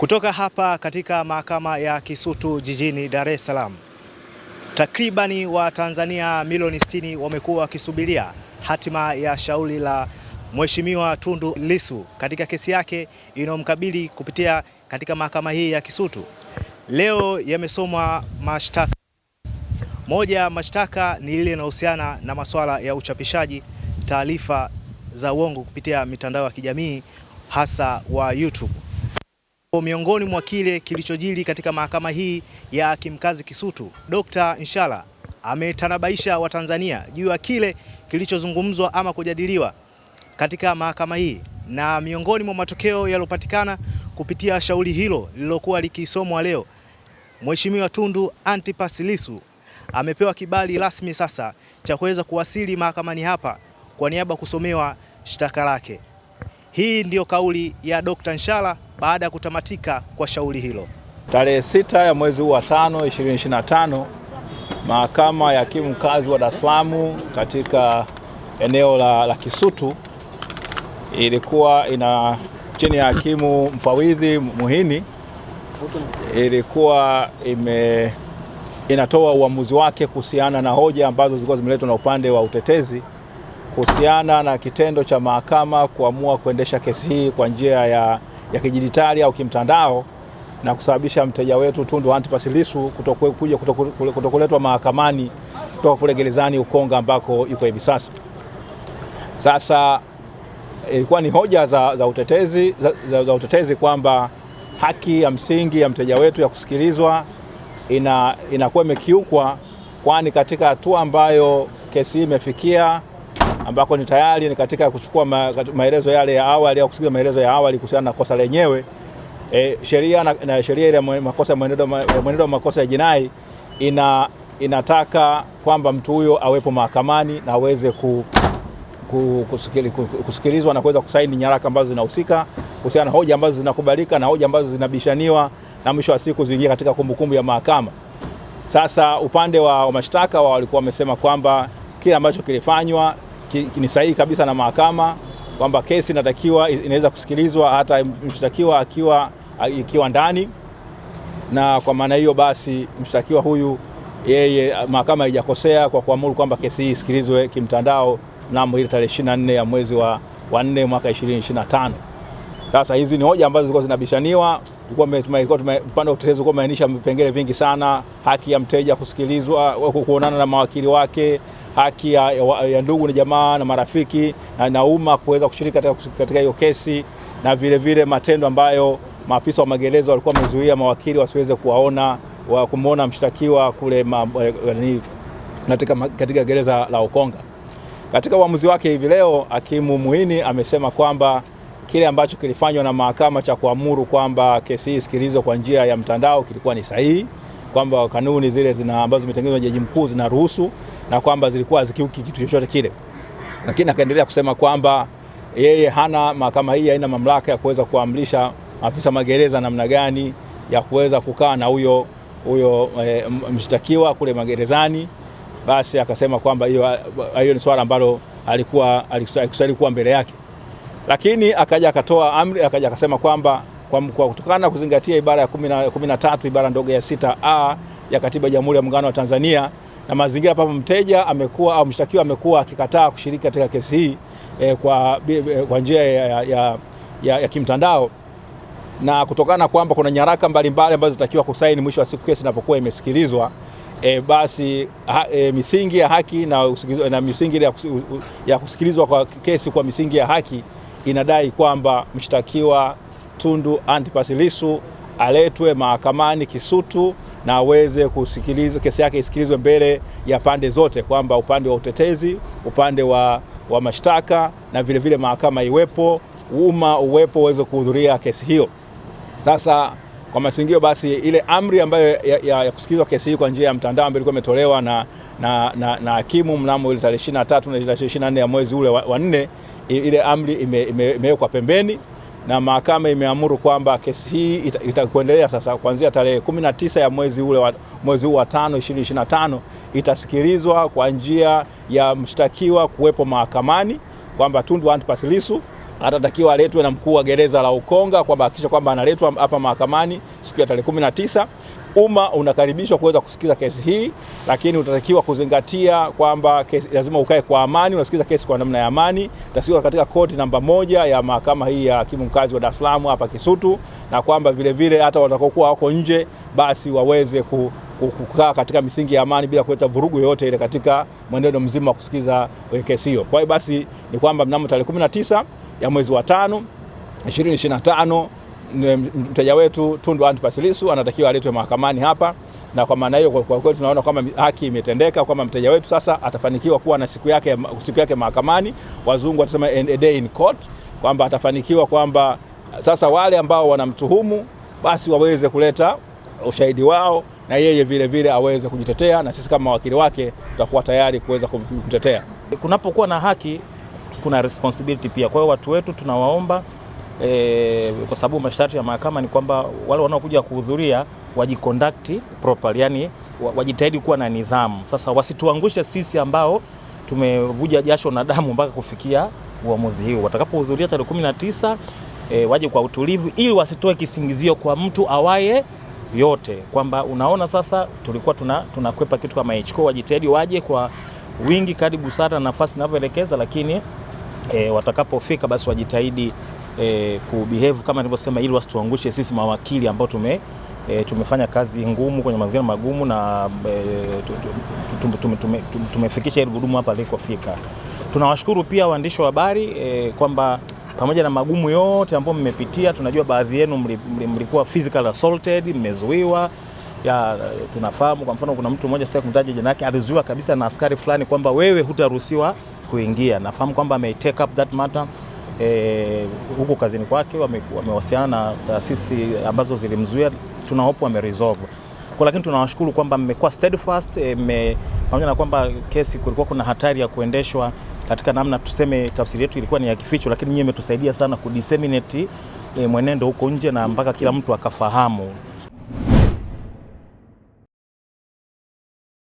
Kutoka hapa katika mahakama ya Kisutu jijini Dar es Salaam, takribani Watanzania milioni 60 wamekuwa wakisubiria hatima ya shauri la Mheshimiwa Tundu Lissu katika kesi yake inayomkabili kupitia katika mahakama hii ya Kisutu. Leo yamesomwa mashtaka. Moja ya mashtaka ni lile linalohusiana na masuala ya uchapishaji taarifa za uongo kupitia mitandao ya kijamii hasa wa YouTube. Miongoni mwa kile kilichojiri katika mahakama hii ya kimkazi Kisutu, Dr. Nshala ametanabaisha Watanzania juu ya kile kilichozungumzwa ama kujadiliwa katika mahakama hii, na miongoni mwa matokeo yaliyopatikana kupitia shauri hilo lililokuwa likisomwa leo, Mheshimiwa Tundu Antipas Lissu amepewa kibali rasmi sasa cha kuweza kuwasili mahakamani hapa kwa niaba kusomewa shtaka lake. Hii ndiyo kauli ya Dr. Nshala baada ya kutamatika kwa shauri hilo. Tarehe sita ya mwezi huu wa tano 2025 mahakama ya hakimu mkazi wa Dar es Salaam katika eneo la, la Kisutu ilikuwa ina chini ya hakimu mfawidhi Muhini ilikuwa ime, inatoa uamuzi wake kuhusiana na hoja ambazo zilikuwa zimeletwa na upande wa utetezi kuhusiana na kitendo cha mahakama kuamua kuendesha kesi hii kwa njia ya, ya kidijitali au kimtandao na kusababisha mteja wetu Tundu Antipas Lissu kutokuja kutokuletwa mahakamani kutoka kule gerezani Ukonga ambako yuko hivi sasa. Sasa ilikuwa ni hoja za, za utetezi, za, za, za utetezi kwamba haki ya msingi ya mteja wetu ya kusikilizwa ina, inakuwa imekiukwa kwani katika hatua ambayo kesi hii imefikia ambako ni tayari ni katika kuchukua ma, maelezo yale ya awali au kusikiza maelezo ya awali kuhusiana na kosa lenyewe e, sheria na, na sheria ile ya makosa mwenendo wa makosa ya jinai ina inataka kwamba mtu huyo awepo mahakamani na aweze ku, ku, kusikili, kusikilizwa na kuweza kusaini nyaraka ambazo zinahusika kuhusiana na hoja ambazo zinakubalika na hoja ambazo zinabishaniwa na mwisho wa siku ziingie katika kumbukumbu ya mahakama. Sasa upande wa mashtaka wao walikuwa wamesema kwamba kile ambacho kilifanywa ni sahihi kabisa na mahakama kwamba kesi inatakiwa inaweza kusikilizwa hata mshtakiwa akiwa ikiwa ndani, na kwa maana hiyo basi mshtakiwa huyu yeye mahakama haijakosea kwa kuamuru kwamba kesi hii isikilizwe kimtandao mnamo ile tarehe 24 ya mwezi wa 4 mwaka 2025. Sasa hizi ni hoja ambazo zilikuwa zinabishaniwa. Upande wa utetezi kwa maanisha vipengele vingi sana: haki ya mteja kusikilizwa, kuonana na mawakili wake haki ya, ya, ya ndugu na jamaa na marafiki na, na umma kuweza kushiriki katika hiyo kesi na vilevile vile matendo ambayo maafisa wa magereza walikuwa wamezuia mawakili wasiweze kuwaona wa kumwona mshtakiwa kule ma, eh, katika, katika gereza la Ukonga. Katika uamuzi wake hivi leo, hakimu Muini amesema kwamba kile ambacho kilifanywa na mahakama cha kuamuru kwamba kesi hii isikilizwe kwa njia ya mtandao kilikuwa ni sahihi kwamba kanuni zile zina ambazo zimetengenezwa na jaji mkuu zinaruhusu na kwamba zilikuwa hazikiuki kitu chochote kile, lakini akaendelea kusema kwamba yeye hana, mahakama hii haina mamlaka ya kuweza kuamrisha afisa magereza namna gani ya kuweza kukaa na huyo huyo e, mshtakiwa kule magerezani. Basi akasema kwamba hiyo hiyo ni swala ambalo alikuwa kuwa mbele yake, lakini akaja akatoa amri, akaja akasema kwamba kwa kutokana kuzingatia ibara ya 13 ibara ndogo ya sita a ya katiba ya Jamhuri ya Muungano wa Tanzania na mazingira ambapo mteja amekuwa au mshtakiwa amekuwa akikataa kushiriki katika kesi hii e, kwa, e, e, kwa njia ya, ya, ya, ya kimtandao na kutokana kwamba kuna nyaraka mbalimbali ambazo zitakiwa kusaini mwisho wa siku kesi inapokuwa imesikilizwa, e, basi ha, e, misingi ya haki na, na misingi ya, ya kusikilizwa kwa kesi kwa misingi ya haki inadai kwamba mshtakiwa Tundu Antipas Lissu aletwe mahakamani Kisutu na aweze kusikilizwa, kesi yake isikilizwe mbele ya pande zote, kwamba upande wa utetezi, upande wa, wa mashtaka na vilevile vile mahakama iwepo, umma uwepo uweze kuhudhuria kesi hiyo. Sasa kwa masingio basi, ile amri ambayo ya, ya, ya kusikilizwa kesi hii kwa njia ya mtandao ambayo ilikuwa imetolewa na na, na, na hakimu mnamo ile tarehe 23 na 24 ya mwezi ule wa 4 ile amri imewekwa ime, ime pembeni na mahakama imeamuru kwamba kesi hii itakuendelea ita sasa kuanzia tarehe 19 ya mwezi ule wa, mwezi huu wa tano 2025 itasikilizwa kwa njia ya mshtakiwa kuwepo mahakamani kwamba Tundu Antipas Lissu atatakiwa aletwe na mkuu wa gereza la Ukonga kwamba hakikisha kwamba analetwa hapa mahakamani siku ya tarehe 19 umma unakaribishwa kuweza kusikiza kesi hii, lakini utatakiwa kuzingatia kwamba lazima ukae kwa amani, unasikiza kesi kwa namna ya amani, utasikizwa katika koti namba moja ya mahakama hii ya hakimu mkazi wa Dar es Salaam hapa Kisutu, na kwamba vilevile hata watakokuwa wako nje basi waweze ku kukaa katika misingi ya amani bila kuleta vurugu yoyote ile katika mwenendo mzima wa kusikiza eh, kesi hiyo. Kwa hiyo basi ni kwamba mnamo tarehe 19 ya mwezi wa tano 2025 mteja wetu Tundu Antipas Lissu anatakiwa aletwe mahakamani hapa, na kwa maana hiyo, kwa kweli tunaona kwamba haki imetendeka, kwamba mteja wetu sasa atafanikiwa kuwa na siku yake, siku yake mahakamani. Wazungu watasema a day in court, kwamba atafanikiwa kwamba sasa wale ambao wanamtuhumu basi waweze kuleta ushahidi wao na yeye vile vile aweze kujitetea, na sisi kama wakili wake tutakuwa tayari kuweza kumtetea. Kunapokuwa na haki kuna responsibility pia. Kwa hiyo watu wetu tunawaomba e, kwa sababu masharti ya mahakama ni kwamba wale wanaokuja kuhudhuria wajiconduct properly, yani wajitahidi kuwa na nidhamu. Sasa wasituangushe sisi ambao tumevuja jasho na damu mpaka kufikia uamuzi huu. Watakapohudhuria tarehe 19 e, eh, waje kwa utulivu, ili wasitoe kisingizio kwa mtu awaye yote kwamba unaona sasa tulikuwa tunakwepa kitu kama hicho. Kwa wajitahidi waje kwa wingi karibu busara na nafasi inavyoelekeza, lakini e, watakapofika basi wajitahidi eh, kubehave kama nilivyosema, ili wasituangushe sisi mawakili ambao tume E, tumefanya kazi ngumu kwenye mazingira magumu na e, tumefikisha ile gudumu hapa lilikofika. Tunawashukuru pia waandishi wa habari e, kwamba pamoja na magumu yote ambayo mmepitia, tunajua baadhi yenu mlikuwa physical assaulted, mmezuiwa ya, tunafahamu. Kwa mfano, kuna mtu mmoja sitaki kumtaja jina lake, alizuiwa kabisa na askari fulani kwamba wewe hutaruhusiwa kuingia. Nafahamu kwamba ame take up that matter E, huko e, kazini kwake wamewasiliana na taasisi ambazo zilimzuia, tuna hope wame resolve kwa, lakini tunawashukuru kwamba mmekuwa steadfast e, pamoja na kwamba kesi kulikuwa kuna hatari ya kuendeshwa katika namna tuseme, tafsiri yetu ilikuwa ni ya kificho, lakini nyinyi mmetusaidia sana ku disseminate e, mwenendo huko nje na mpaka kila mtu akafahamu.